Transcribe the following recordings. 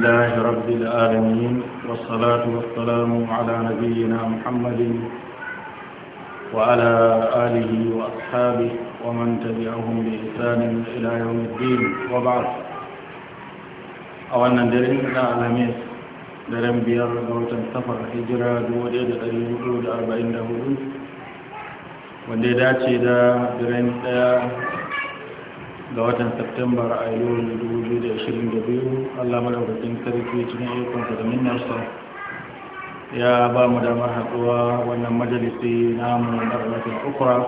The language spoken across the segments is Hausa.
لله رب العالمين والصلاة والسلام على نبينا محمد وعلى آله وأصحابه ومن تبعهم بإحسان إلى يوم الدين وبعد أولا درين العالمين درين بيار دوت سفر هجرة دولة درين دولة أربعين دولة وديداتي دا درين ga watan Septembar a yau 2022 allah madaukakin sarki cikin ayyukansa da minnarsa ya ba mu damar haɗuwa wannan majalisi na mu marmatin ukura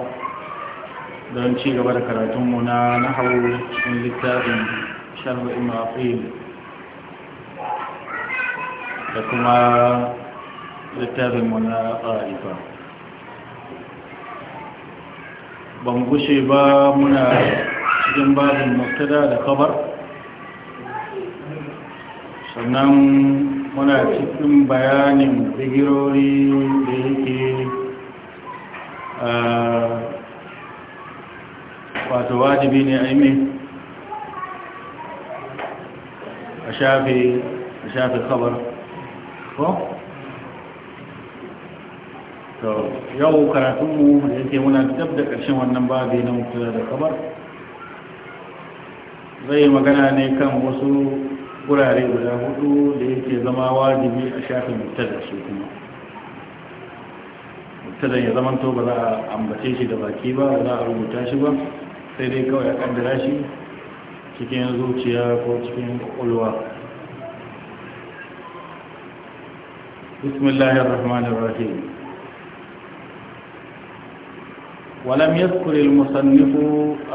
don ci gaba da karatunmu na hau cikin littafin shar'in mafil da kuma littafinmu na ƙarifa ban gushe ba muna cikin babin muktada da kabar sannan muna cikin bayanin zigirori da yake wato wajibi ne a aimi a shafi a shafi kabar ko? to yau karatunmu da yake muna dab da ƙarshen wannan babi na mutu da kabar zai magana ne kan wasu wurare guda hudu da yake zama wajibi a shafin mubtada su kuma mubtada ya zama to ba za a ambace shi da baki ba ba za a rubuta shi ba sai dai kawai a kaddara shi cikin zuciya ko cikin kwakwalwa bismillahir rahmanir rahim ولم يذكر المصنف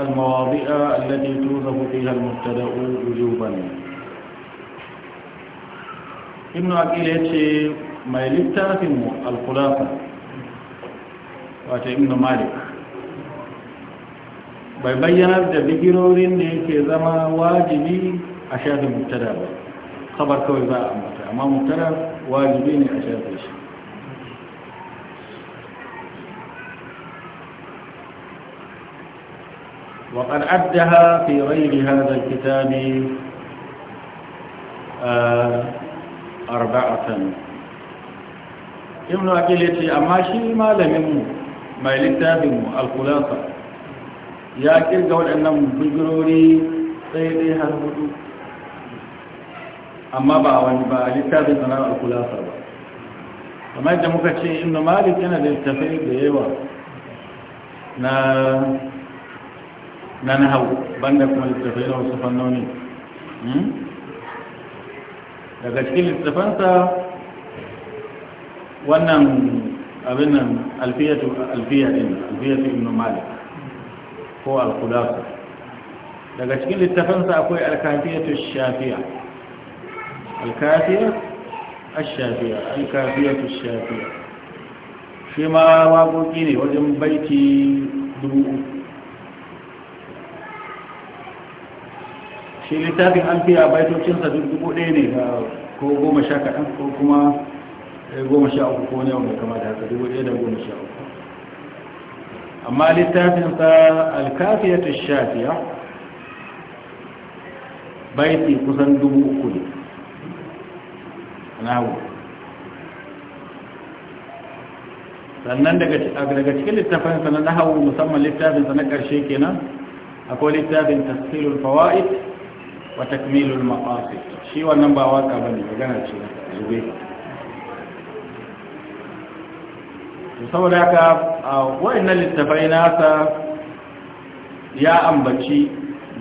المواضع التي توصف فيها المبتدا وجوبا ibn aqil yace mai littafin mu al-khulafa wato ibn malik bai bayyana da bigirorin da yake zama wajibi a shafin mubtada ba khabar kawai za a ambata amma mubtada wajibi ne a shafin shi وقد أدها في غير هذا الكتاب آه arba'atan ibnu aqil yace amma shi malamin mu mai littafin mu al-khulasa ya kirga waɗannan bujirori sai dai har hudu amma ba wani ba littafin sanar al-khulasa ba kamar yadda muka ce ibnu malik yana da littafai da yawa na na nahau banda kuma littafai da wasu fannoni daga cikin littafansa wannan abin nan alfiyatu alfiyatin, alfiyatu ibn malik ko al daga cikin littafansa akwai alkafiyatu kafiyatu shafiya al ash-shafiya al-kafiyatu shafiya shi ma waƙoƙi ne wajen baiti dubu shi littafin an fiya baitocinsa duk dubu ɗaya ne ko goma sha kaɗan ko kuma eh, goma sha uku ko ne kama da haka dubu ɗaya da goma sha uku amma littafinsa alkafiyatu shafiya baiti kusan dubu uku ne nahu sannan daga cikin sa na nahawu musamman littafinsa na ƙarshe kenan akwai littafin tasirin fawa'id wa takmilul maqasid shi wannan ba waka bane magana ce zube saboda haka wayannan littafai nasa ya ambaci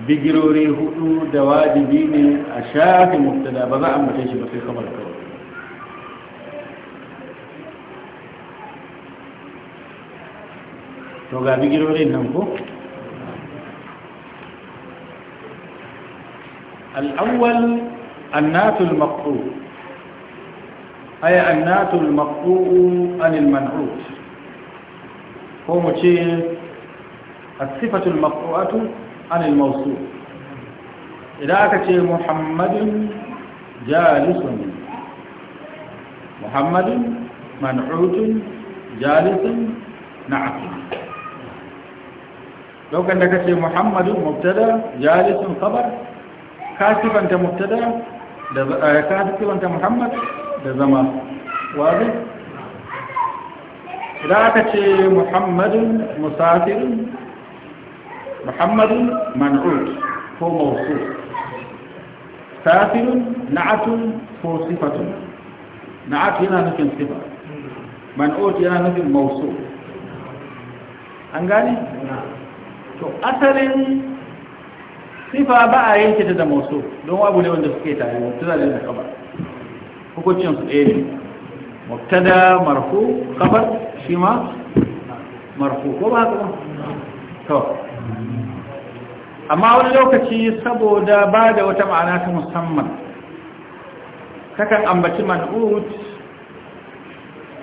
bigirori hudu da wajibi ne a shafi mubtada ba za a ambace shi ba sai kamar kawai to ga bigirorin nan ko الأول النات المقطوع أي النات المقطوع عن المنعوت هو مشي الصفة المقطوعة عن الموصول إذا أكتش محمد جالس محمد منعوت جالس نعم لو كان لك محمد مبتدا جالس خبر Kasibanta sifanta da eh, ka muhammad da zama wazi idan aka ce muhammadun musafirun muhammadun man'ud ko mawsuf safirun na'atun ko sifatun na'at yana nufin sifa man'ud yana nufin mawsuf an gani? to asalin sifa ba a yanke ta da mausu don abu ne wanda suke tare mubtada da kaba hukuncin su ɗaya ne Muktada marfu khabar shi ma marfu ko ba haka to amma wani lokaci saboda ba da wata ma'ana ta musamman kakan ambaci man'ut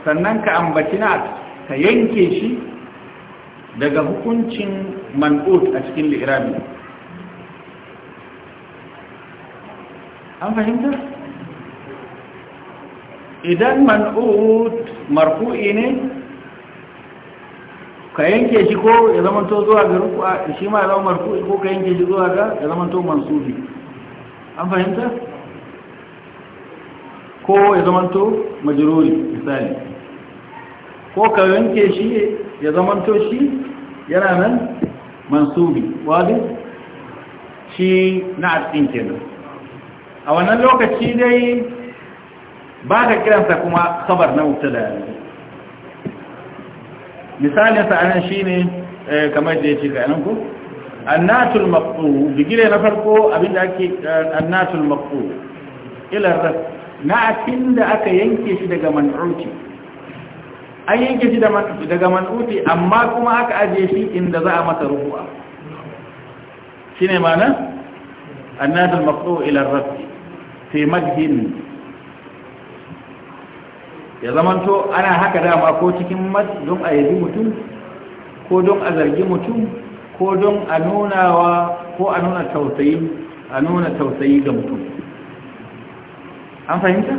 sannan ka ambaci na ka yanke shi daga hukuncin man'ut a cikin li'irami an fahimta idan man'ud marfu'i ne ka yanke shi ko ya zamanto zuwa ga rufu'a shi ma ya zama marfu'i ko ka yanke shi zuwa ga ya zamanto mansubi an fahimta ko ya zamanto majiruri misali ko ka yanke shi ya zamanto shi yana nan mansubi wadda shi na atsin kenan a wannan lokaci dai ba ka kiransa kuma sabar na wuta da yanzu. misalinsa anan shi ne eh, kamar da ya ce ganin ku annatul maqtu bigire na farko abinda ake eh, annatul maqtu ila Na na'atin da aka yanke shi daga manuruti an yanke shi daga manuruti amma kuma aka aje shi inda za a masa Shi ne ma'ana annatul maqtu ila rafi fi madhin ya zamanto ana haka dama ko cikin mad don a yabi mutum ko don a zargi mutum ko don a nunawa ko a nuna tausayi a nuna tausayi ga mutum an fahimta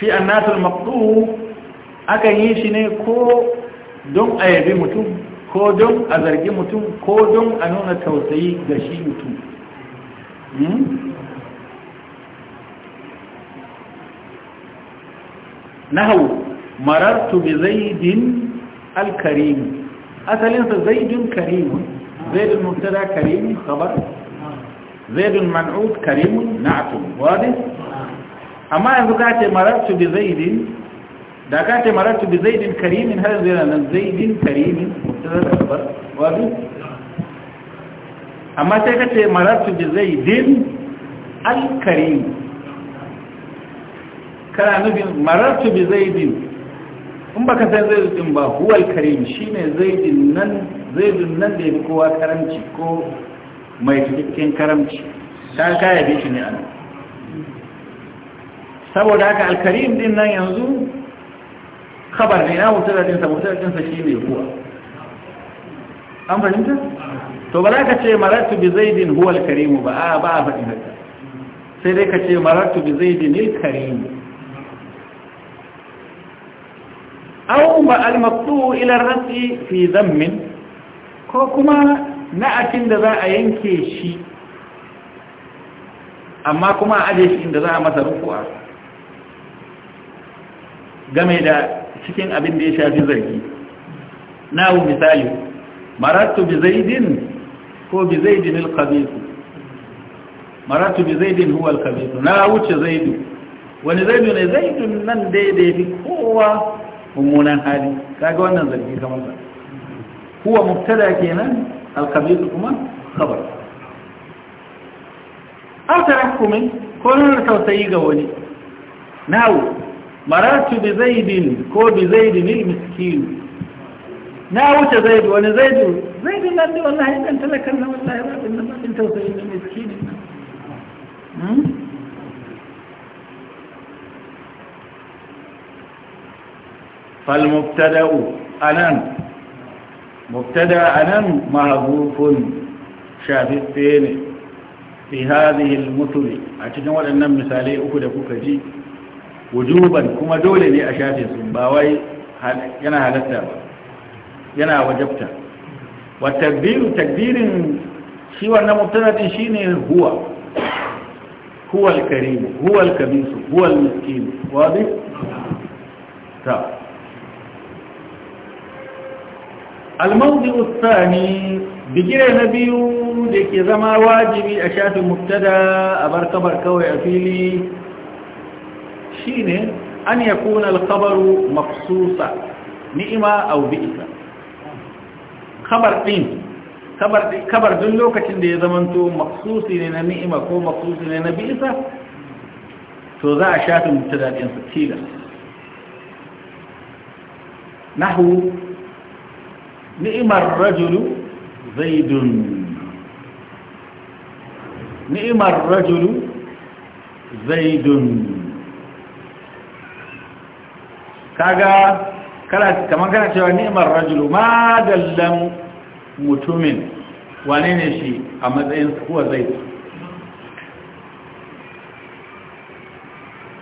shi annatul maqtu aka yi shi ne ko don a yabi mutum ko don a zargi mutum ko don a nuna tausayi ga shi mutum hmm? nahawu marartu bi zaidin al-karim asalin sa zaidun karim zaidun mubtada karim khabar zaidun man'ut karim na'atun wadih amma yanzu kace marartu bi zaidin da kace marartu bi zaidin Karim har yanzu nan zaidin Karim mubtada khabar wadih amma sai kace marartu bi zaidin al-karim kana nufin marartu bi zaidin in baka san zaidin ba huwal karim shine zaidin nan zaidin nan da yake kowa karamci ko mai cikakken karamci ta kaya bi shi ne an saboda haka alkarim din nan yanzu khabar ne na din sa din sa shine huwa an fahimta to ba za ka ce marartu bi zaidin huwal karim ba a ba a faɗi haka sai dai ka ce marartu bi zaidin il karim aw ma al-maqtu ila ar-rasi fi dhammin ko kuma na na'atin da za a yanke shi amma kuma a aje shi inda za a masa rufu'a game da cikin abin da ya shafi zargi nawo misali maratu bi zaidin ko bi zaidin al-khabith Marattu bi zaidin huwa al-khabith na wuce zaidu wani zaidu ne zaidun nan daidai da kowa mummunan hali kaga wannan zargi kamar ba huwa mubtada kenan al-khabith kuma khabar aw tarahumi ko nuna tausayi ga wani nawo maratu bi zaidin ko bi zaidin al-miskin na wuce zaidu wani zaidu zaidu nan ne wallahi dan talakan na wallahi ba din nan tausayi ne miskin hmm? فالمبتدا anan مبتدا anan محذوف شافي ne fi hadhihi al-mutul a cikin waɗannan misalai uku da kuka ji wujuban kuma dole ne a shafe su ba wai yana halatta ba yana wajabta wa takdiru takdirin shi wannan mubtada din shine huwa huwa al-karim huwa al-kabir huwa al-miskin wadi ta الموضع الثاني بجرى نبي دك زما واجبي أشاف مبتدا أبر خبر كوي أفيلي شينه أن يكون الخبر مخصوصا نئما أو بئسا خبر قيم kabar ɗin lokacin da ya zamanto maksusi ne na ni'ima ko maksusi ne na bi'isa to za a shafi mutadaɗinsa tilas nahu ni'imar rajulu zaidun ni'imar rajulu zaidun kaga kana kamar kana cewa ni'imar rajulu ma dallan mutumin wane ne shi a matsayin kuwa zai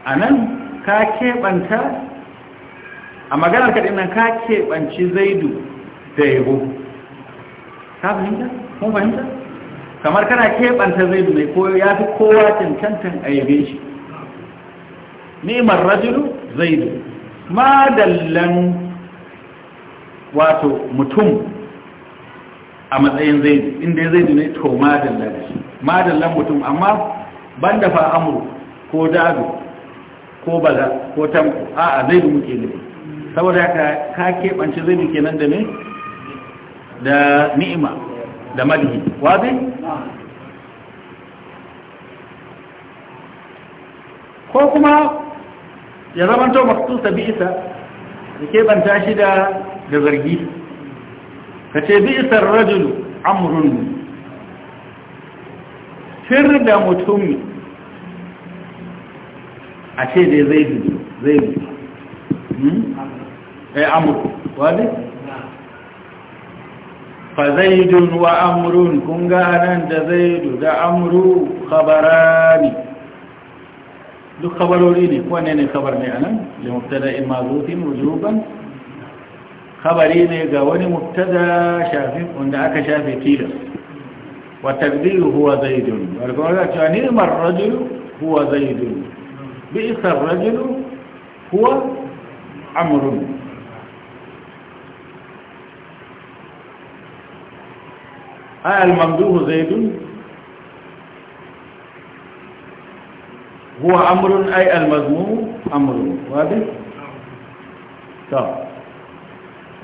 a nan ka keɓanta a maganar kaɗin nan ka keɓanci zaidu sai ya ka fahimta kun fahimta kamar kana keɓanta zai mai koyo ya fi kowa cancantan a yabe shi ni'imar rajulu zai da madallan wato mutum a matsayin zai inda zai ne to madallan. shi madallan mutum amma ban dafa fa ko dado ko baza ko tamko a'a zai da muke ne saboda ka keɓance zai da kenan da ne da ni'ima da madihi wazi ko kuma ya zamanto maksusa bi isa da ke banta shi da da zargi ka ce bi isar rajulu amrun fir da mutum a ce dai zai zai hmm? eh amur wadi فزيد وأمر قال أنت زيد دا أمر خبران دو خبرولين وانين خبرني أنا لمبتدأ ماضوط وجوبا خبريني قواني مبتدأ شافي أكا شافي تيلا والتقدير هو زيد ولكن نعم الرجل هو زيد بئس الرجل هو عمرو هل آه، الممدوح زيد هو امر اي المذموم امر واضح طب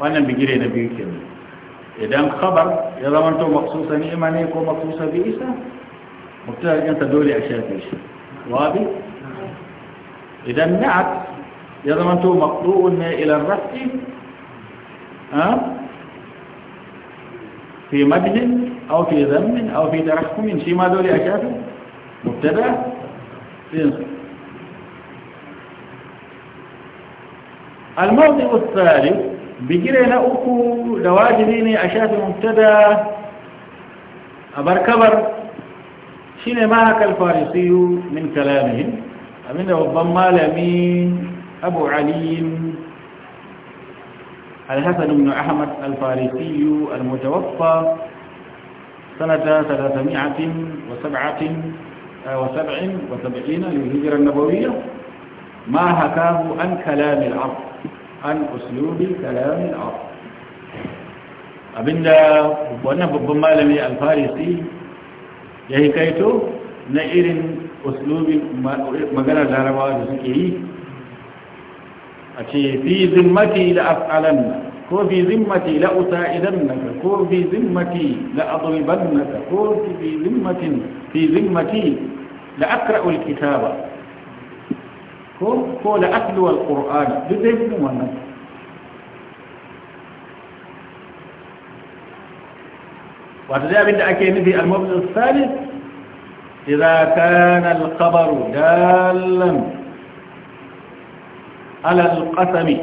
وانا بجري نبي كده اذا خبر يا زمان تو مخصوصا اما يكون مخصوصا بعيسى مبتدا انت دولي عشان ايش واضح اذا نعت يا زمان تو مقطوع الى الرفع ها أه؟ في مدح أو في ذم أو في ترحم شيما دول أكافر مبتدا الموضع الثالث بجري لأكو لواجبيني أشاف مبتدا أبر كبر شين معك الفارسي من كلامهم أمين ربما لمين أبو عليم الحسن بن أحمد الفارسي المتوفى سنة ثلاثمائة وسبعة وسبع وسبعين للهجرة النبوية ما حكاه عن كلام العرب عن أسلوب كلام العرب abinda wannan babban malami alfarisi ya hikaito na irin uslubin maganar larabawa da a ce fi zimmati la af'alanna ko fi zimmati la usa'idannaka ko fi zimmati la adribannaka ko fi zimmatin fi zimmati la aqra'u alkitaba ko ko la atlu alqur'ana duk dai mun wannan wato dai abinda ake nufi al-mabdu al-thalith idza kana al-khabaru dalan alal qasami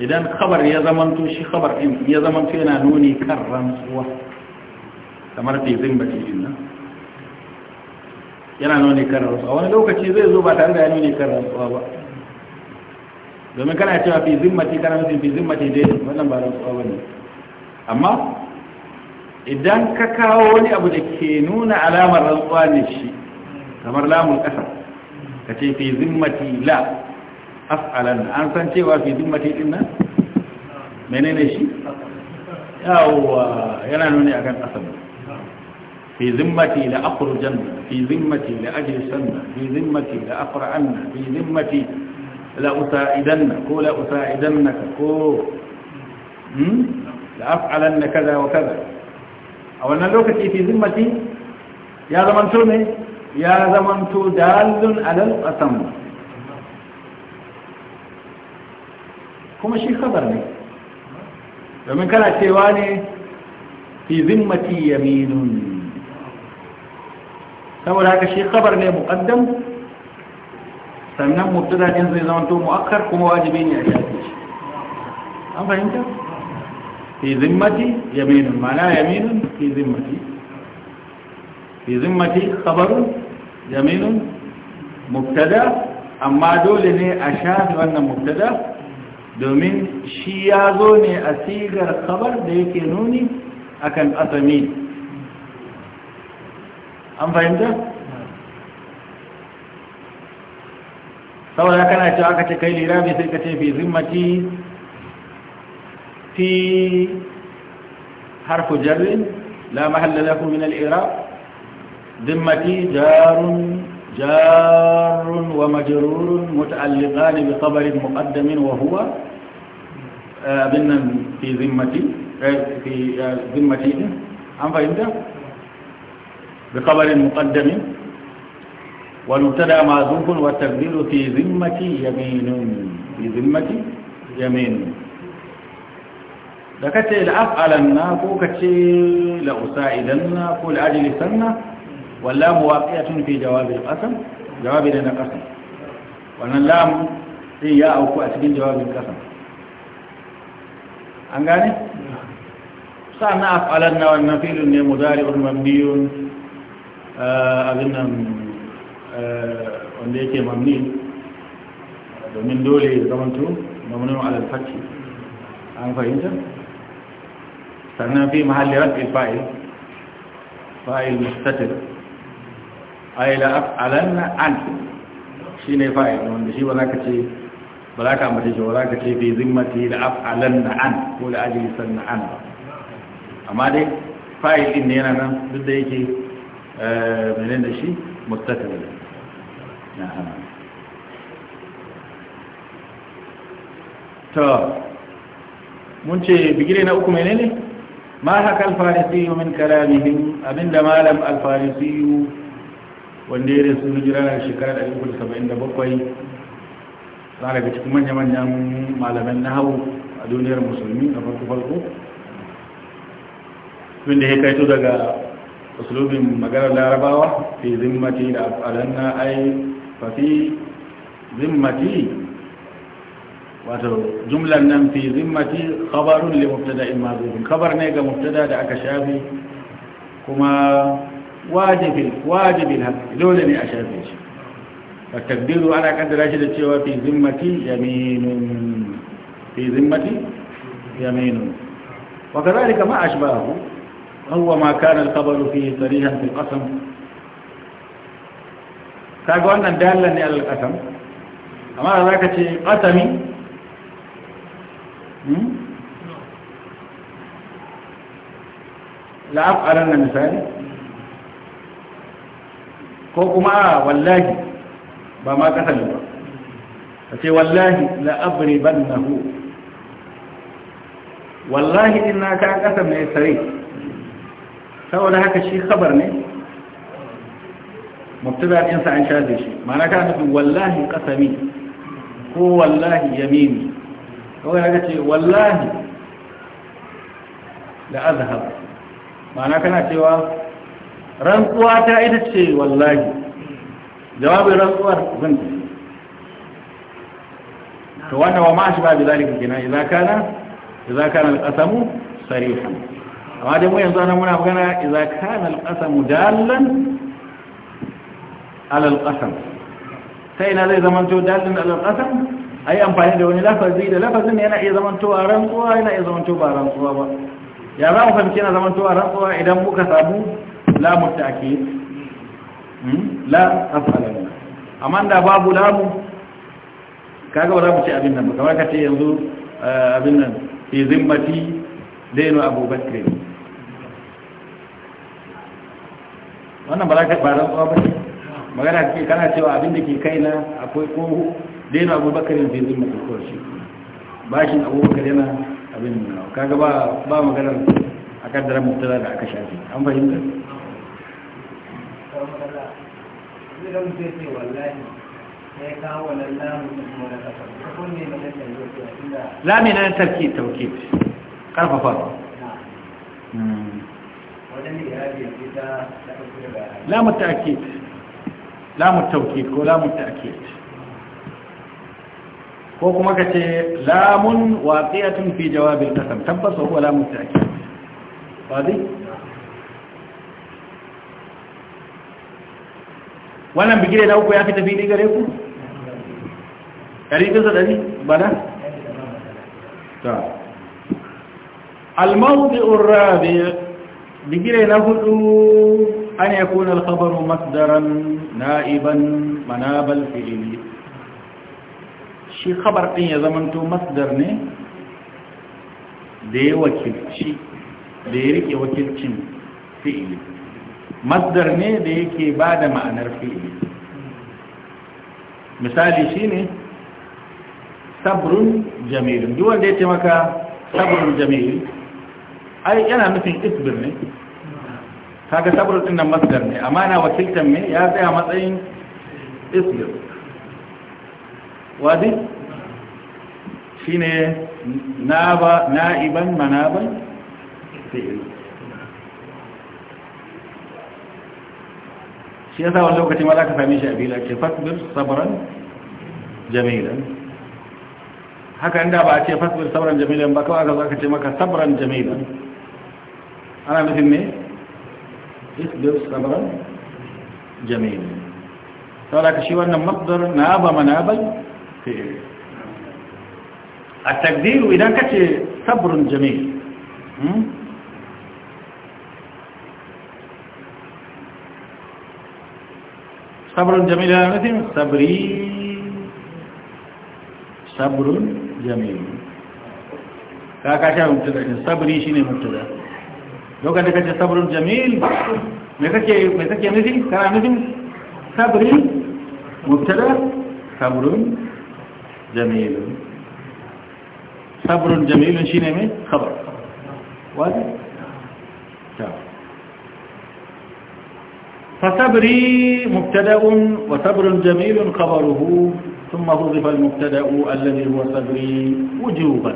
idan khabar ya zamanto shi khabar din ya zamanto yana nuni kan rantsuwa kamar fezin bace din nan yana nuni kan rantsuwa wani lokaci zai zo ba tare da ya nuni kan rantsuwa ba domin kana cewa fi zimmati kana nufin fi zimmati dai wannan ba rantsuwa ba ne amma idan ka kawo wani abu da ke nuna alamar rantsuwa ne shi kamar lamun ƙasa ka ce fi zimmati la af'alan an san cewa fi zimmati din nan menene shi yawwa yana nuni akan asab fi zimmati la akhrujan fi zimmati la ajlisan fi zimmati la aqra'an fi zimmati la usaidanna ko la usaidannaka ko hmm la af'alanna kaza wa kaza a wannan lokaci fi zimmati ya zamanto ne ya zamanto dalun alal qasam kuma shi khabar ne domin kana cewa ne fi zimmati yaminun saboda haka shi khabar ne muqaddam sannan mubtada din zai zama to muakkar kuma wajibi ne a shafi shi an fahimta fi zimmati yaminun mana yaminun fi zimmati fi zimmati khabarun yaminun mubtada amma dole ne a shafi wannan mubtada domin shi ya zo ne a sigar kabar da yake nuni akan asami an fahimta? saboda kana cewa aka ce kai lira lirabi sai ka ce fi zimmati fi harfu jarrin la mahalla lakum min al-iraq zimmati jarun جار ومجرور متعلقان بخبر مقدم وهو آه، بنا في ذمتي آه، في آه، ذمتي أم فهمت بخبر مقدم والمبتدا معذوف والتقدير في ذمتي يمين في ذمتي يمين لكتي kace la'af'alanna ko kace la'usa'idanna ko واللام واقعه في جواب القسم جواب لنا قسم واللام هي او في جواب القسم انغاني صنع افعلنا والمفيل ان مضارع مبني اذن ا عندك مبني من دول زمانتو مبني على الفتح ان فهمت صنع في محل رفع الفاعل فاعل مستتر ay la alanna an shine fa'il wanda shi ba za ka ce ba za ka amince shi ba za ka ce fi zimmati la af'alanna an ko la sanna an ba amma dai fa'il din ne yana nan duk da yake eh, menen da shi Na muttasil ta mun ce bigire na uku menene ma haka alfarisiyu min kalamihim abinda malam alfarisiyu wanda ya rasu hijira na shekara 1977 tsara daga cikin manya-manyan malaman na hau a duniyar musulmi a farko-farko wanda ya kaito daga usulubin maganar larabawa fi zimmati da na ai fafi zimmati wato jumlan nan fi zimmati khabarun li mubtada in mazubin khabar ne ga mubtada da aka shafi kuma واجب واجب دون ان اشهد شيء فالتقدير على قدر اشهد شيء في ذمتي يمين في ذمتي يمين وكذلك ما اشبهه هو ما كان الخبر فيه صريحا في القسم كاقول ان دالني على القسم اما ذاك شيء قسمي لا أفعلن مثالي ko kuma wallahi ba ma kasar ba a ce wallahi la'abri ban na hu wallahi din na ka kasar ne sare saboda haka shi khabar ne mubtada ɗinsa an shafe shi Mana ka nufin wallahi kasami ko wallahi yamini kawai haka ce wallahi da azhab ma'ana kana cewa rantsuwa ta ita ce wallahi jawabin rantsuwar zan tafi to wanda wa ma shi ba bi zalika kenan idza kana idza kana al-qasamu sarihan amma dai mu yanzu nan muna magana idza kana al-qasamu dallan ala al-qasam sai na zai to dallan ala al-qasam ai amfani da wani lafazi da lafazin yana iya to rantsuwa yana iya to ba rantsuwa ba ya za mu fahimci yana to rantsuwa idan muka samu لا take لا hmm? afalana amma da babu lamu kaga ba za mu ce abin nan ba kamar ka ce yanzu eh, abin nan fi wannan ba za ka ba rantsuwa ba ce magana ke kana cewa abin da ke na akwai ko dainu abubakar fi mai ko shi bashin abubakar yana abin nan kaga ba ba maganar a kaddara mutala da aka shafi an fahimta sai da mutum ce wallahi kawo wannan lamu da kuma na kafa ta ne na nan yanzu inda tarki tauke wannan ne ya ce ta ta kafa da lamu ta'kid lamu ko ko kuma kace lamun waqi'atun fi jawabil qasam huwa wannan bigire na uku ya fi tafi gare ku ɗari bisa ɗari ba na? ta almawuzi urabe bigire na hudu an ya kuna alkhabaru masdaran na'iban manabal fi'ili shi khabar ɗin ya zamanto masdar ne da ya wakilci da ya riƙe wakilcin fi'ili masdar ne da yake ba da ma'anar fi'ili misali shine sabrun jamilun duk wanda ya ce sabrun jamil ai yana nufin isbir ne kaga sabrun din nan masdar ne amma na wakiltan me ya tsaya matsayin isbir wadi shine naba na'iban manaban fi'il shi yasa wani lokaci ma za ka same shi a bila ce fasbir sabran jamilan haka inda ba a ce fasbir sabran jamilan ba kawai aka zaka ce maka sabran jamilan ana nufin ne isbir sabran jamilan saboda ka shi wannan masdar na ba manaban fi'il a takdiru idan kace sabrun jamil sabrun jamil yana nufin sabri sabrun jamil ka ka sha mutu da sabri shine mutu da lokacin da kace sabrun jamil me kake me kake nufi kana nufin sabri mubtada فصبري مبتدا وصبر جميل خبره ثم حذف المبتدا الذي هو صبري وجوبا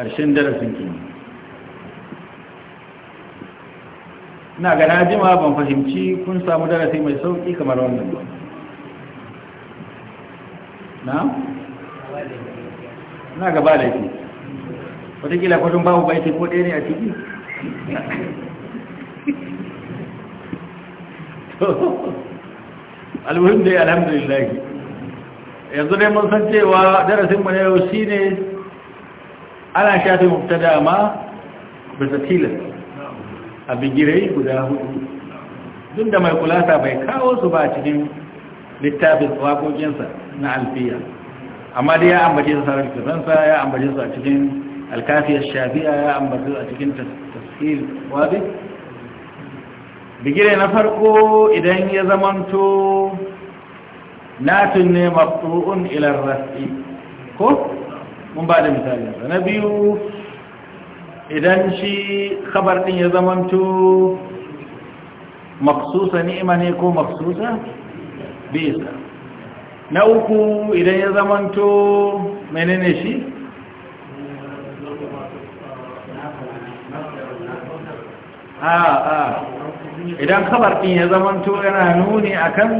ارشن درسك ki na ga jima ban fahimci kun samu darasi mai sauki kamar wannan ba na? na gaba laifi watakila kwadon babu baiti ko ɗaya ne a ciki almuhim dai alhamdulillah yanzu dai mun san cewa darasin mu na yau shi ne, ana shafe mubtada ma bisa tilas a bigirai guda hudu tun da mai kulasa bai kawo su ba cikin littafin waƙoƙinsa na alfiya amma dai ya ambace su sarar kisansa ya ambace su a cikin alkafiyar shafiya ya ambace su a cikin tasirin wabi bigire na farko idan ya zamanto natin ne maftu'un ila rasi ko mun ba da misali na biyu idan shi khabar din ya zamanto mafsusa ni'ima ne ko mafsusa bisa na uku idan ya zamanto menene shi a a idan khabar ɗin ya zama yana nuni akan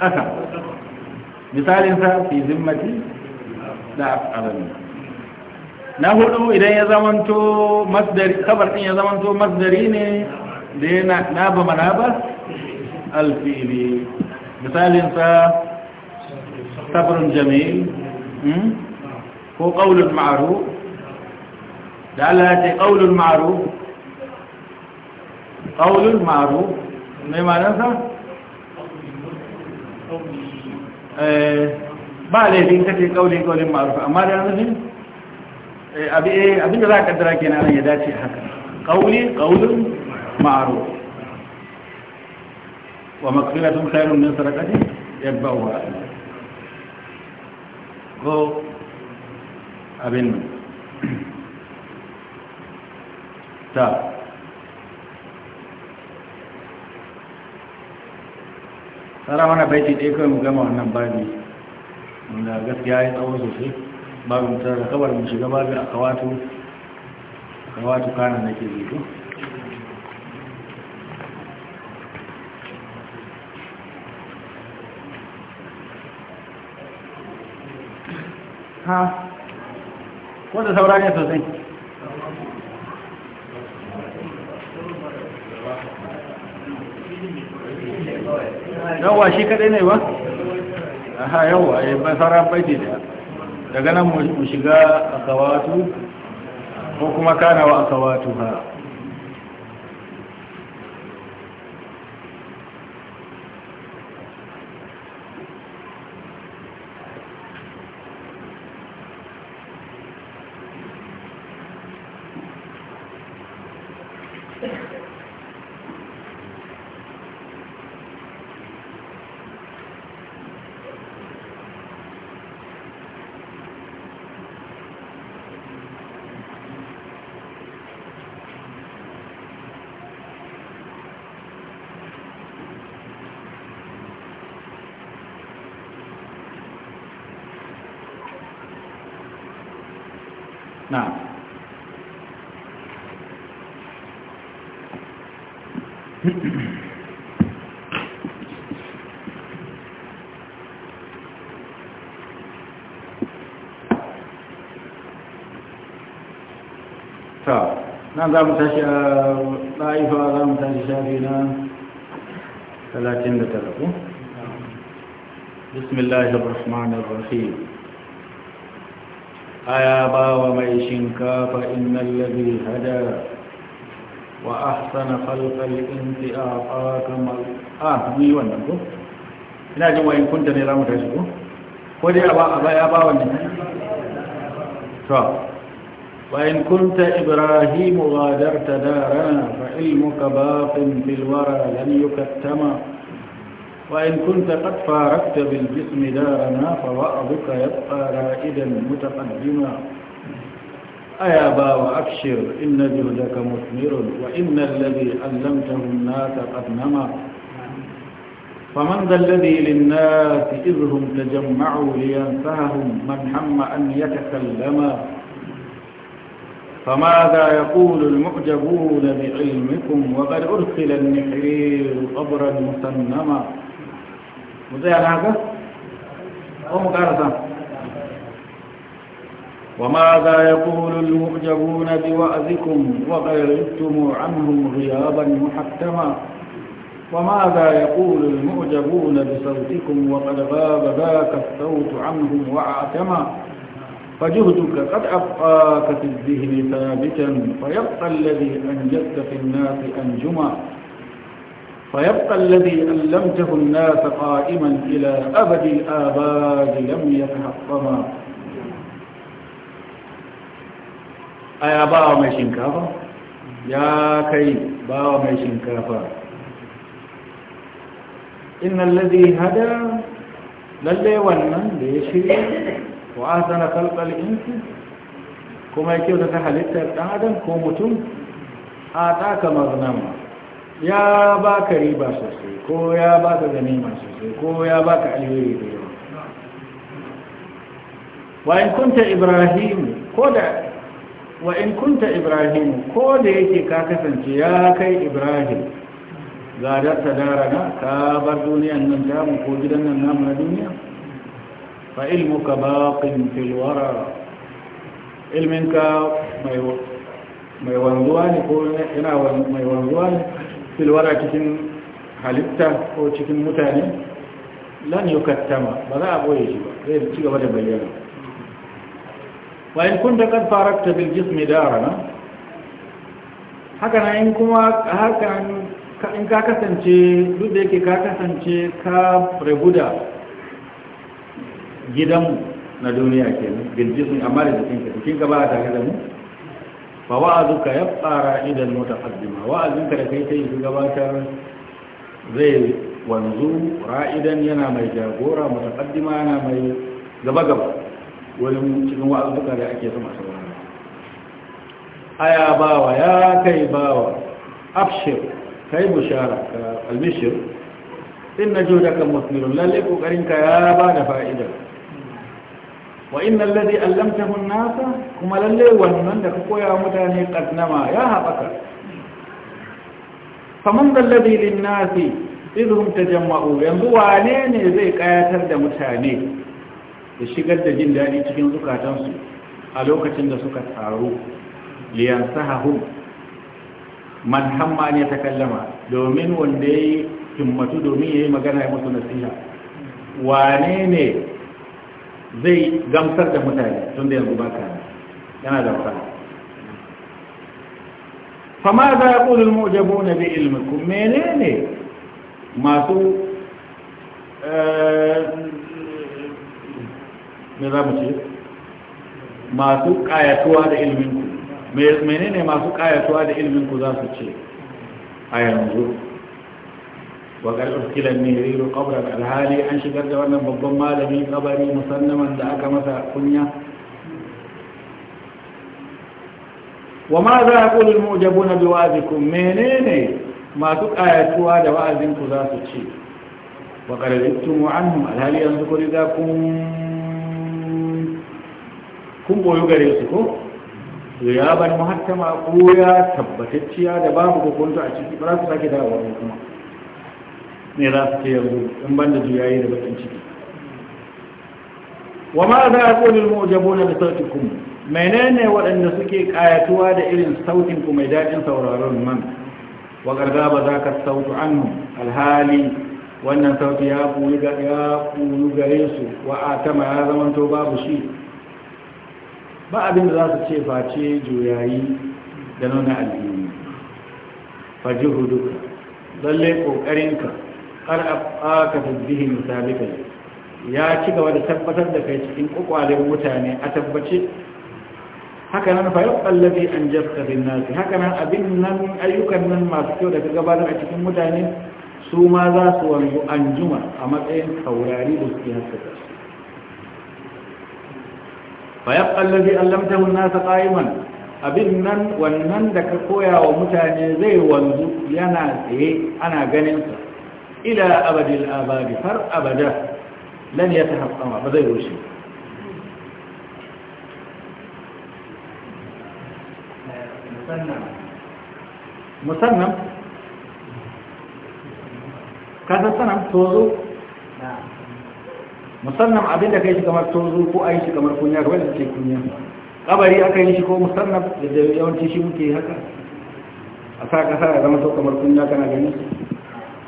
aka misalin sa fi zimmati da af'alani na hudu idan ya zama to masdari ya zama to masdari ne da yana naba manaba alfi'li misalin sa sabrun hmm? ko qaulul ma'ruf da Allah ce qaulul ma'ruf ƙaunin maru mai ba laifin kace ƙaunin ƙaunin maru amma da yanzu abinda za a kaddara ke nan ya dace haka ƙaunin ƙaunin maru wa khairun min ko abin ta tsara mana baiti ɗaya kawai mu gama wannan babi wanda gaskiya ya tsawo sosai babin mutar da kawar mu shiga babi a kawatu a kawatu kana ke zito ha wanda saurari sosai yawa shi kadai ne ba aha yawa ai eh, ba saran baiti ne, daga nan mu shiga akawatu ko kuma kana wa akawatu ha nan za mu tashi a ɗa'ifa za mu tashi shafi na 39 rahim aya bawa mai shinkafa innal ladhi hada wa ahsana khalqal inti mal ah ni wannan ko ina jin wayin kunta ne za mu tashi ko ko dai a ba a to وإن كنت إبراهيم غادرت دارنا فعلمك باق في الورى لن يكتما وإن كنت قد فارقت بالجسم دارنا فوعظك يبقى رائدا متقدما أيا باو أبشر إن جهدك مثمر وإن الذي علمته الناس قد نما فمن ذا الذي للناس إذ هم تجمعوا لينفههم من هم أن يتكلما فماذا يقول المعجبون بعلمكم وقد أرسل النحرير قبرا مسنما مزيان هذا ومقارسة وماذا يقول المعجبون بوأذكم وقد ردتم عنهم غيابا محتما وماذا يقول المعجبون بصوتكم وقد غاب ذاك الصوت عنهم وعتما فجهدك قد أبقاك في الذهن ثابتا فيبقى الذي أنجدت في الناس أنجما فيبقى الذي ألمته الناس قائما إلى أبد الآباد لم يتحطما أيا باوا ما شنكافا يا كي باوا ما شنكافا إن الذي هدى للي ونن ليشير wa ahsana khalqal insi kuma ya kyauta ta halittar ɗan adam ko mutum a taka maznama ya baka riba sosai ko ya baka ganima sosai ko ya baka alheri da yawa wa in kunta ibrahim ko da wa in kunta ibrahim ko da yake ka kasance ya kai ibrahim gadar ta darana ka bar duniyan nan tamu ko gidan nan namu na duniya fa ilmuka baqin fil wara ilminka mai wanzuwa ne ko yana mai wanzuwa ne fil cikin halitta ko cikin mutane lan kattama, ba za a boye shi ba zai ci gaba da bayyana wa in kunta ta farakta mai jismi darana haka na in kuma haka in ka kasance duk da yake ka kasance ka rabu da gidanmu na duniya ke nan sun amma da jikinka jikinka ba a tare da mu fa ka ya fara idan mutaqaddima wa'azinka da kai ta yi gabatar zai wanzu ra'idan yana mai jagora mota mutaqaddima yana mai gaba gaba wurin cikin ka da ake sama saurara aya bawa ya kai bawa afshir kai bushara ka almishir inna judaka musmirun lalle kokarinka ya ba da fa'ida wa inna alladhi allamtahu an nasa kuma lalle wannan da ka koya mutane kadnama ya haɓaka faman alladhi lin nasi idhum tajamma'u yanzu wane ne zai kayatar da mutane da shigar da jin daɗi cikin zukatansu a lokacin da suka taru liyansahahum man hamma ne ta kallama domin wanda ya yi himmatu domin ya yi magana ya musu nasiha wane ne zai gamsar da mutane tun da yanzu baka yana da wahala fama za a ƙudur mujabu na bi mene ne masu eh, me za mu ce masu ƙayatuwa da ilminku mene ne masu ƙayatuwa da ilminku za su ce a yanzu wakar ukilan ne zai yi kabarar an shigar da wannan babban malami kabari musamman da aka masa kunya wa ma za a kulin mujabu na biwaziku menene masu kayatuwa da wa'azinku za su ce wa karzittu mu'annu alhali yanzu kuri za kun boyu gare su ko ya bar mahattama ko ya tabbatacciya da babu kukuntu a ciki ba za su sake kuma ne za su ce yanzu in ban da juyayi da bakin ciki wa ma za a mu jabo na da sautin kuma menene waɗanda suke ƙayatuwa da irin sautin ku mai daɗin sauraron man wa garga ba za ka sautu an alhali wannan sautin ya kuyi gare su wa a tama ya to babu shi ba abin da za su ce face juyayi da nuna addini fajihu duka lalle ƙoƙarinka kar abaka bihin sabita ya ci gaba da tabbatar da kai cikin kokwalen mutane a tabbace haka nan fa yallazi anjabta bin nas haka nan abin nan ayyukan nan masu kyau da ka gabatar a cikin mutane su ma za su wanzu anjuma a matsayin taurari da suke haskaka fa yallazi allamtahu an-nas qa'iman abin nan wannan da ka koya wa mutane zai wanzu yana tsaye ana ganin sa ila abadil abadi har abada lan ya ta haƙama ba zai rushe musannan kasar sanar tozo musannan abinda ka yi shi kamar tozo ko a yi shi kamar kunya kamar da ce kunya kabari aka yi shi ko musannan da yawancin shi muke haka a sa kasa ya zama to kamar kunya kana ganin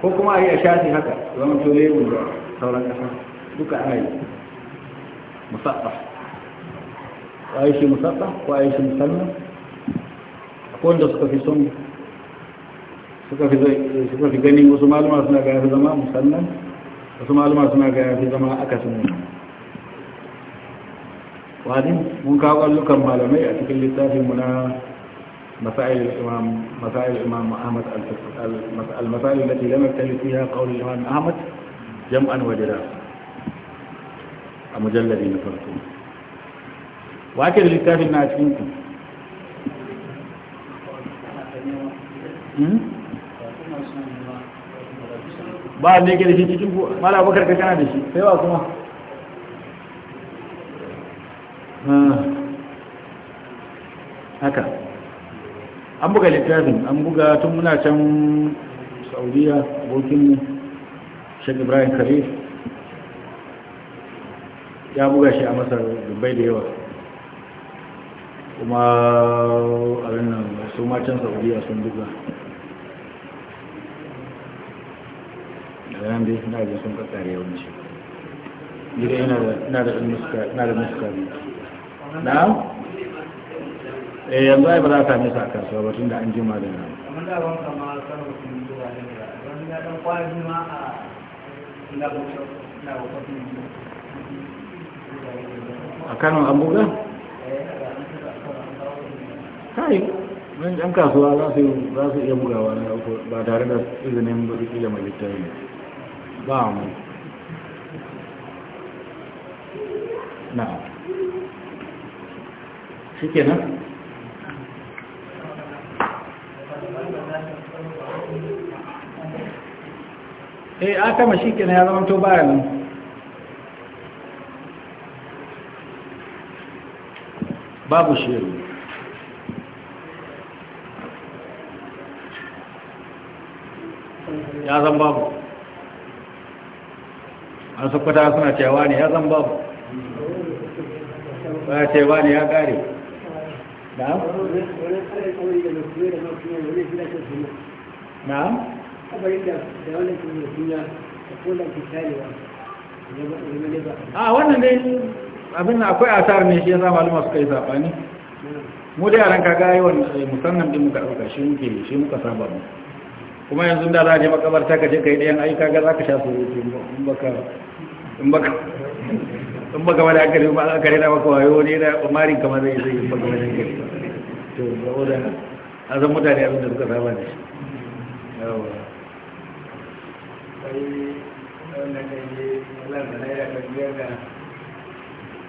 ko kuma a yi a shafi haka zama to lebu da sauran kasa duka ana yi musaffa ko a yi shi musaffa ko a yi shi musamman akwai wanda suka fi son suka fi gani wasu maluma suna ga yafi zama musamman wasu maluma suna ga yafi zama akasin wani mun kawo allukan malamai a cikin littafinmu na مسائل الإمام مسائل الإمام أحمد المسائل التي لم يختلف فيها قول الإمام أحمد جمعا وجلاء المجلدين نفرته وأكد الكتاب الناس منكم ba da yake da shi cikin ku mala bakar ka kana da shi sai wa kuma haka an buga littafin an buga tun muna can saudiya abokinmu shek ibrahim khalif ya buga shi a masar dubbai da yawa kuma abin nan su macen saudiya sun buga da yan dai na jin sun kakare yawanci gida yana da muska na? eh yanzu ai ba za ka nisa a kasuwa ba tun da an jima da nan da ban kama ma a labo labo eh, an buga kai mun kasuwa za su za su iya bugawa na ba tare da izinin da mai littafi ba mu na'am shikenan eh atama shi kenan ya zama to baya nan babu shiru ya zan babu an sukwata suna cewa ne ya zan babu ba cewa ne ya kare na'am na'am kabarin da da wannan kin da duniya da kullum ki tarewa a wannan dai abin da akwai asar ne shi ya sa malama suka yi sabani mu da yaran kaga yi wannan eh, musannan din muka dauka shi muke shi muka saba mu kuma yanzu da za a je makabarta ka je ka yi ɗayan ayi ga za ka sha surutu in baka in baka in baka wani akari ba aka rena maka wayo ne da umarin kamar zai zai in baka wani akari to saboda a zan mutane abin da suka saba da shi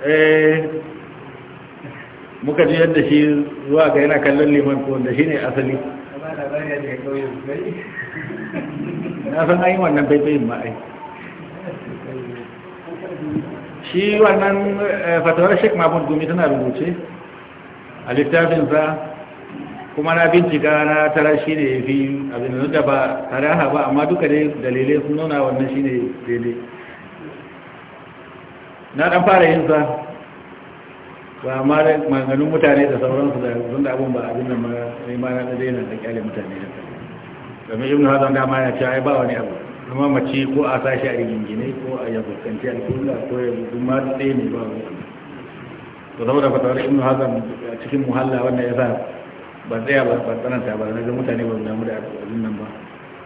Eh, muka ji yadda shi zuwa ga yana kallon liman ko da shi ne asali na san ayi wannan baibayin ma'ai shi wannan eh, fatawar sheik mahmud gumi tana rubuce a littafinsa kuma na bincika na tara shi ne fi abin da ba ha ba amma duka dai dalilai sun nuna wannan shi ne daidai na dan fara yin sa ba amma da maganin mutane da sauransu da sun da abin ba abin da ma na da daina da kyale mutane da domin ibn hazan ma ya ce ai ba wani abu kuma mace ko a sashi a gingine ko a yabukanci alkulla ko ya zuma ɗaya ne ba wani to saboda fatawar ibn hazan cikin muhalla wannan ya sa ba tsaya ba ba tsananta ba na mutane ba damu da abin nan ba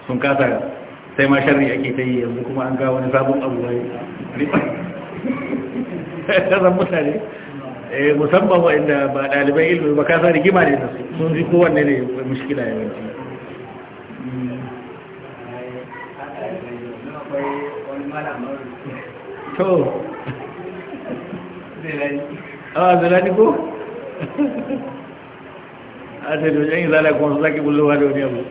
sun kasa sai ma sharri ake ta yi yanzu kuma an ga wani sabon abu wai. kasan mutane eh, musamman inda ba ɗaliban ilmi ba kasa rigima ne da su sun ji kowanne ne mushkila yawanci Zelani. a Zelani ko a sai da yan izala kuma su sake bullowa da wani abu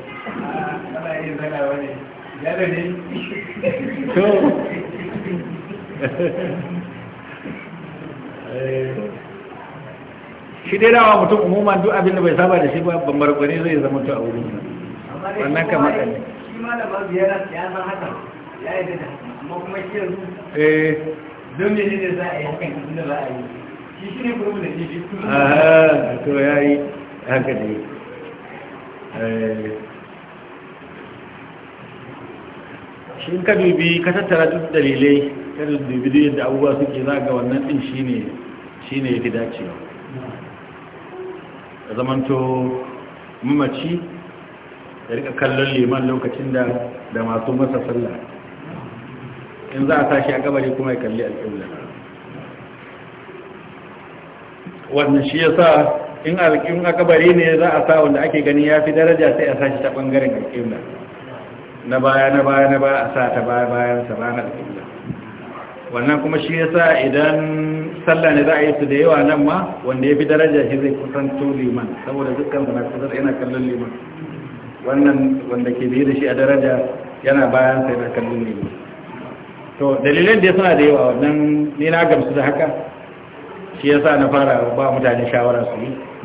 to shi dai dawa mutum umuman duk abin da bai saba da shi ba bambar gwani zai zama to a wurin wannan kamar kan ne shi malama ziyarar ya san haka ya yi da amma kuma shi yanzu eh don ne ne za a yi hakan da za a yi shi shi ne kuma da shi to ya yi haka ne shi eh, ka dubi ka tattara duk dalilai ka dubi duk yadda abubuwa suke za ga wannan din shine shine ya fi dacewa a zamanto mamaci ya rika kallon liman lokacin da da masu masa sallah in za a tashi a gabari kuma ya kalli alƙibla wannan shi yasa in alƙiyun aka bari ne za a sa wanda ake gani ya fi daraja sai a sashi ta ɓangaren alƙiyun na baya na baya na baya a sa ta baya bayan sa ranar alƙiyun wannan kuma shi yasa idan sallah ne za a yi su da yawa nan ma wanda ya fi daraja shi zai kusanto liman saboda dukkan na kusan yana kallon liman wannan wanda ke biyu da shi a daraja yana bayan sa yana kallon liman to dalilin da suna da yawa wannan ni na gamsu da haka shi yasa na fara ba mutane shawara su yi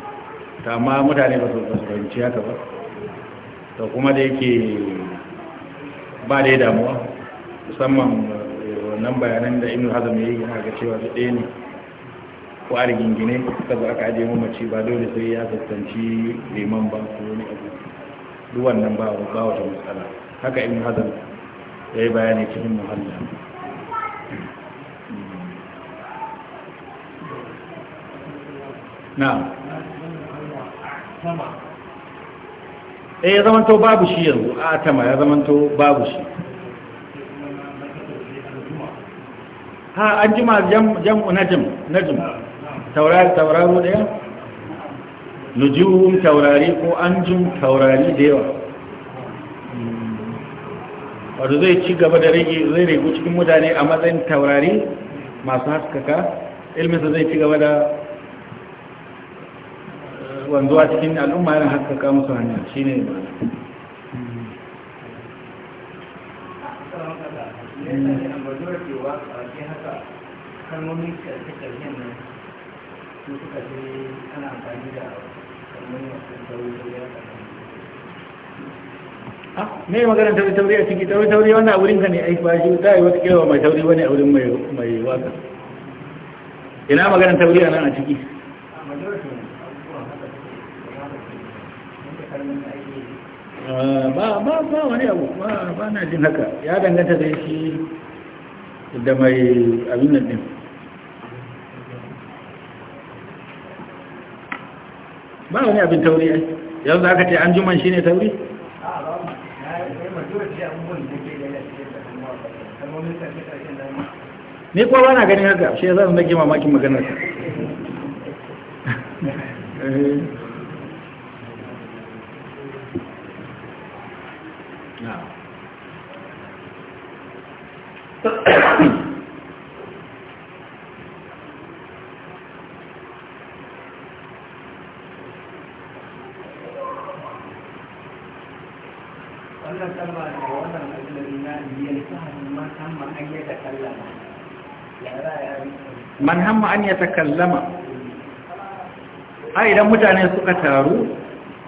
ta amma mutane ba su fahimci haka ba da kuma da yake ba da ya damuwa musamman eh, wannan bayanan da inu hazam ya yi yana ga cewa su ɗaya ne ko a rigingine saboda aka ajiye mamaci ba dole sai ya zartanci liman ba ko wani abu duwan nan ba wata matsala haka inu hazam ya yi bayani cikin muhalli hmm. na. eh ya to babu shi yanzu a atama ya to babu shi ha an jima jam'u najm najm taurari tauraro da yawa nujuhum taurari ko anjum taurari da yawa wadda zai ci gaba da rage zai rage cikin mutane a matsayin taurari masu haskaka ilminsa zai ci gaba da wanzuwa cikin al'umma yana haskaka musu hanya shi ne ba ne ah, magana tauri tauri a ciki tauri tauri wannan a wurinka ne aiki ba shi ta yi wata kewa mai tauri wani a wurin mai waka ina magana tauri a nan a ciki Eh, ba ba ba wani abu ba na jin haka ya danganta da shi da mai abin nan din ba wani abin tauri ai yanzu aka ce an juman shi ne tauri ni kuwa ba na ganin haka shi ya zan nake mamakin maganarsa. Eh. man hamma an ya takallama ai idan mutane suka taru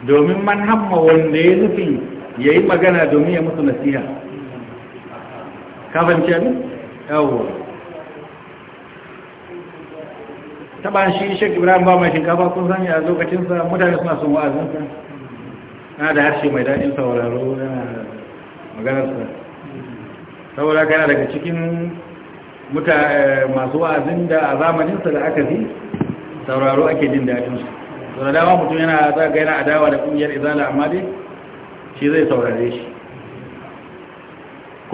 domin man hamma wanda ya nufin ya yi magana domin ya musu nasiha ka abin yawo taba shi shek ibrahim ba mai shinkafa kun sami a lokacinsa mutane suna son wa'azinsa na da harshe mai daɗin sauraro na maganarsa saboda kana daga cikin eh, masu wa'azin da a zamaninsa da aka fi sauraro ake jin daɗinsu sau da dama mutum yana zaga yana adawa da ƙungiyar izala amma dai shi zai saurare shi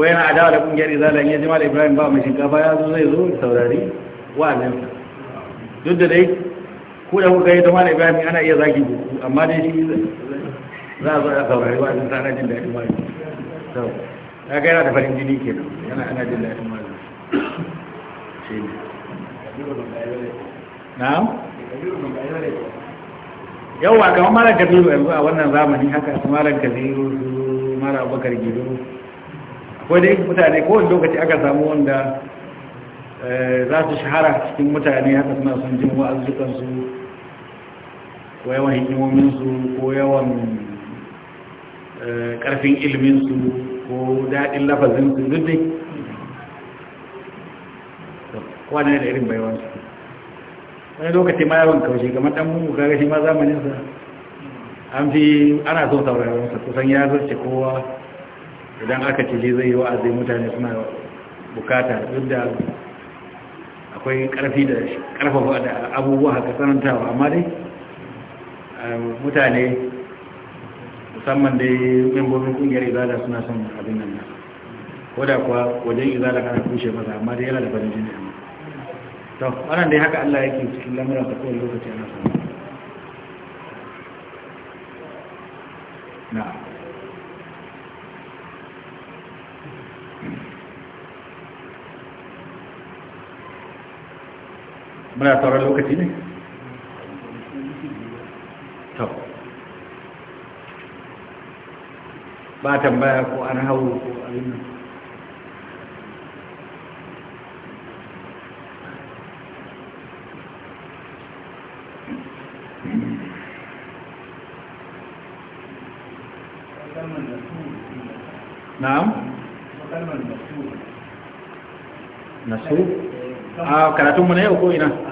ko yana adawa da kungiyar izalan ya jima da ibrahim ba mai shinkafa ya zo zai zo saurari wa wa'azin duk da dai ku da kuka yi ta da ibrahim ana iya zaki buku amma dai shi za a zo a saurari wa'azin sa ana jin daɗin wa'azin sau ya ga yana da farin jini ke nan yana ana jin daɗin wa'azin shi ne na'am yawwa kamar malam kabiru yanzu a wannan zamani haka su malam kabiru su malam bakar gido ko dai mutane kowane lokaci aka samu wanda eh, za su shahara cikin mutane haka suna son jin wa'azukansu ko yawan hikimominsu ko yawan eh, ƙarfin ilminsu ko daɗin lafazinsu duk dai ne da irin baiwansu wani lokaci ma yawan kaushe kamar ɗan mungu kaga shi ma zamaninsa an fi ana so sauraronsa kusan ya zarce kowa idan aka ce zai yi wa'azi mutane suna bukata duk da akwai karfi da karfafa da abubuwa haka sanantawa amma dai um, mutane musamman dai membobin kungiyar izada suna son abin nan na ko da kuwa wajen izada ana kushe masa amma dai yana da farin jini amma to wannan dai haka Allah yake cikin lamuran ta kowane lokaci ana samu na'am muna sauran lokaci ne to ba tambaya ko an hau ko abin nan na'am nasu a ah, karatunmu na yau ko ina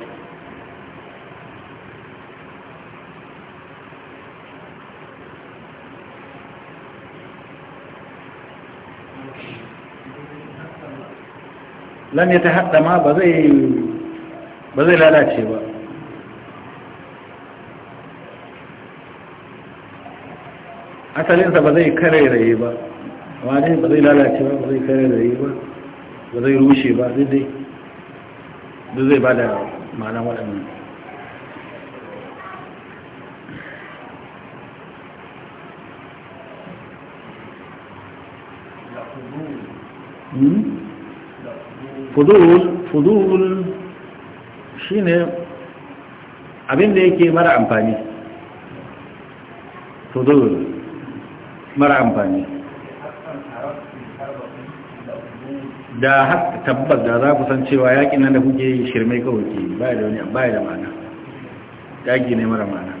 lan ya ta ma ba zai lalace ba asalinsa ba zai karairaye ba wani ba zai lalace ba ba zai karairaye ba ba zai rushe ba zai duk zai ba da ma'ana waɗannan Mm-hmm. fudul fudul shine abin da yake mara amfani fudul mara amfani da haka tabbas da za ku san cewa yakin nan da kuke yi shirme kawai ke baya da wani ba da ma'ana yaki ne mara ma'ana